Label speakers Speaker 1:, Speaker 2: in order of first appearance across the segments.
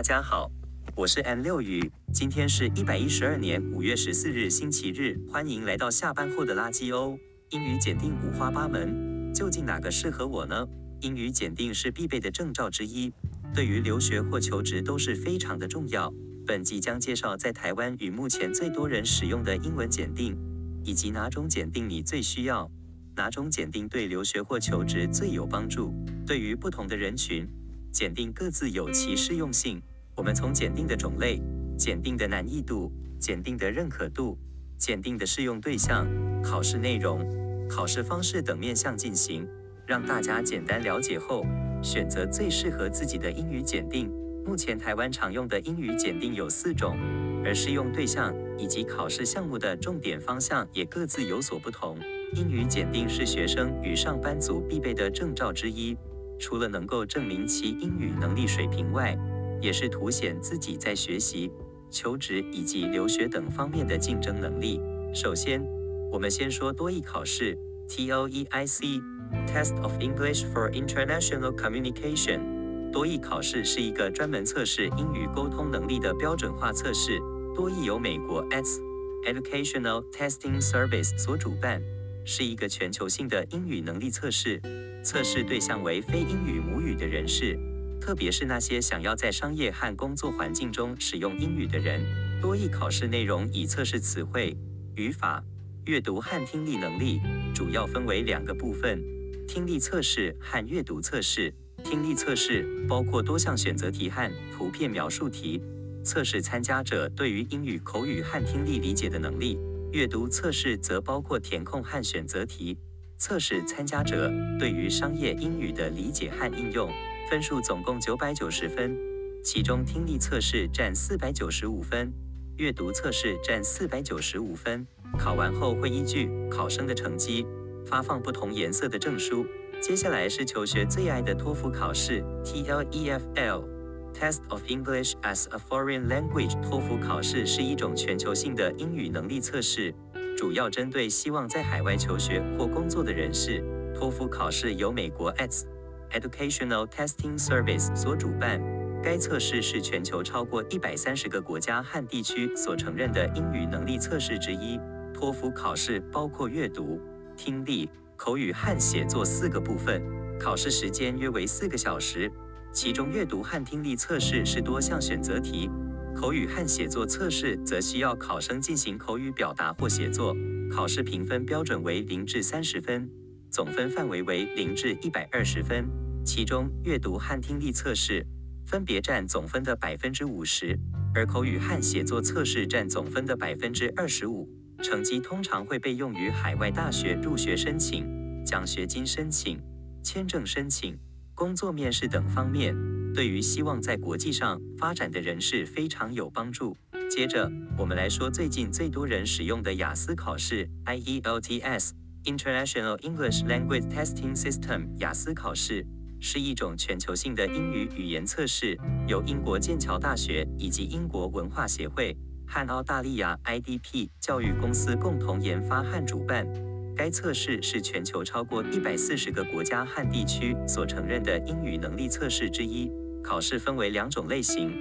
Speaker 1: 大家好，我是 M 六雨，今天是一百一十二年五月十四日星期日，歡迎來到下班後的垃圾哦。英語檢定五花八門，究竟哪個適合我呢？英語檢定是必備的證照之一，對於留學或求職都是非常的重要。本集將介紹在台灣與目前最多人使用的英文檢定，以及哪種檢定你最需要，哪種檢定對留學或求職最有幫助。對於不同的人群，檢定各自有其適用性。我們從檢定的種類、檢定的難易度、檢定的認可度、檢定的適用對象、考試內容、考試方式等面向進行，讓大家簡單了解後，選擇最適合自己的英語檢定。目前台灣常用的英語檢定有四種，而適用對象以及考試項目的重點方向也各自有所不同。英語檢定是學生與上班族必備的證照之一，除了能夠證明其英語能力水平外，也是凸顯自己在學習、求職以及留學等方面的競爭能力。首先，我們先說多益考試 （TOEIC，Test of English for International Communication）。多益考試是一個專門測試英語溝通能力的標準化測試。多益由美國 s e d u c a t i o n a l Testing Service） 所主辦，是一個全球性的英語能力測試，測試對象為非英語母語的人士。特別是那些想要在商業和工作環境中使用英語的人，多益考試內容以測試詞彙、語法、閱讀和聽力能力，主要分為兩個部分：聽力測試和閱讀測試。聽力測試包括多項選擇題和圖片描述題，測試參加者對於英語口語和聽力理解的能力。閱讀測試則包括填空和選擇題，測試參加者對於商業英語的理解和應用。分數總共九百九十分，其中聽力測試占四百九十五分，閱讀測試占四百九十五分。考完後會依據考生的成績發放不同顏色的證書。接下來是求學最愛的托福考試 （TLEFL，Test of English as a Foreign Language）。托福考試是一種全球性的英語能力測試，主要針對希望在海外求學或工作的人士。托福考試由美國 ETS Educational Testing Service 所主辦，該測試是全球超過一百三十個國家和地區所承認的英語能力測試之一。托福考試包括閱讀、聽力、口語和寫作四個部分，考試時間約為四個小時。其中，閱讀和聽力測試是多項選擇題，口語和寫作測試則需要考生進行口語表達或寫作。考試評分標準為零至三十分。總分範圍為零至一百二十分，其中閱讀和聽力測試分別占總分的百分之五十，而口語和寫作測試占總分的百分之二十五。成績通常會被用於海外大學入學申請、獎學金申請、簽證申請、工作面試等方面，對於希望在國際上發展的人士非常有幫助。接着，我們來說最近最多人使用的雅思考試 （IELTS）。International English Language Testing System（ 雅思考試）是一種全球性的英語語言測試，由英國劍橋大學以及英國文化協會和澳大利亞 IDP 教育公司共同研發和主辦。該測試是全球超過一百四十個國家和地區所承認的英語能力測試之一。考試分為兩種類型：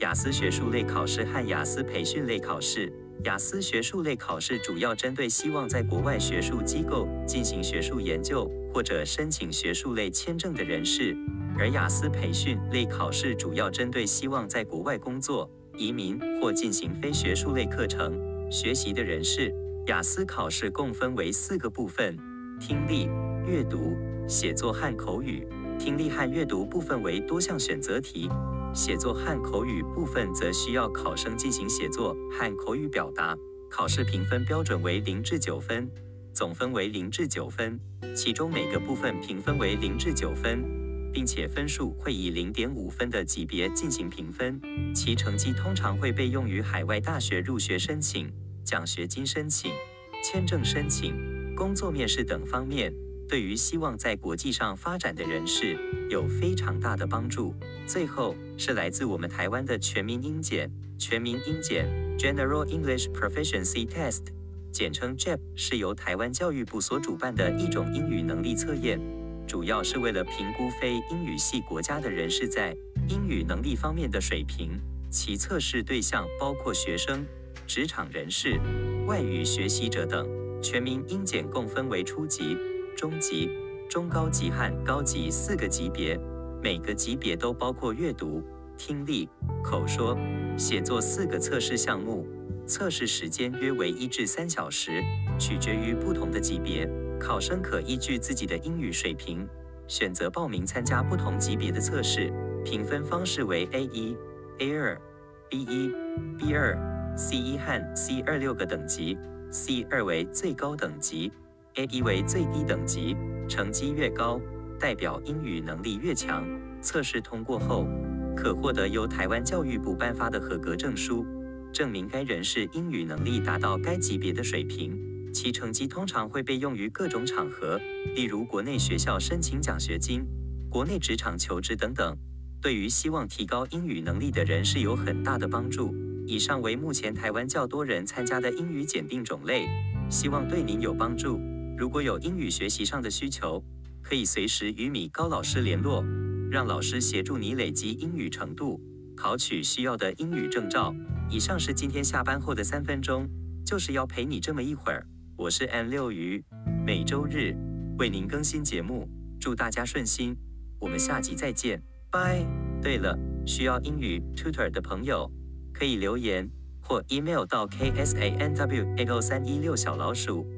Speaker 1: 雅思學術類考試和雅思培訓類考試。雅思學術類考試主要針對希望在國外學術機構進行學術研究或者申請學術類簽證的人士，而雅思培訓類考試主要針對希望在國外工作、移民或進行非學術類課程學習的人士。雅思考試共分為四個部分：聽力、閱讀、寫作和口語。聽力和閱讀部分為多項選擇題。寫作和口語部分則需要考生進行寫作和口語表達。考試評分標準為零至九分，總分為零至九分，其中每個部分評分為零至九分，並且分數會以零點五分的級別進行評分。其成績通常會被用於海外大學入學申請、獎學金申請、簽證申請、工作面試等方面。對於希望在國際上發展的人士有非常大的幫助。最後是來自我們台灣的全民英檢，全民英檢 （General English Proficiency Test），簡稱 GEP，是由台灣教育部所主辦的一種英語能力測驗，主要是為了評估非英語系國家的人士在英語能力方面的水平。其測試對象包括學生、職場人士、外語學習者等。全民英檢共分為初級，中級、中高級和高級四個級別，每個級別都包括閱讀、聽力、口說、寫作四個測試項目，測試時間約為一至三小時，取決於不同的級別。考生可依據自己的英語水平，選擇報名參加不同級別的測試。評分方式為 A1、A2、B1、B2、C1 和 C2 六個等級，C2 為最高等級。A1 為最低等級，成績越高，代表英語能力越強。測試通過後，可獲得由台灣教育部頒發的合格證書，證明該人士英語能力達到該級別的水平。其成績通常會被用於各種場合，例如國內學校申請獎學金、國內職場求職等等。對於希望提高英語能力的人是有很大的幫助。以上為目前台灣較多人參加的英語檢定種類，希望對您有幫助。如果有英語學習上的需求，可以隨時與米高老師聯絡，讓老師協助你累積英語程度，考取需要的英語證照。以上是今天下班後的三分鐘，就是要陪你這麼一會兒。我是 N 六魚，每週日為您更新節目，祝大家順心。我們下集再見，拜。對了，需要英語 tutor 的朋友，可以留言或 email 到 KSANWAO 三一六小老鼠。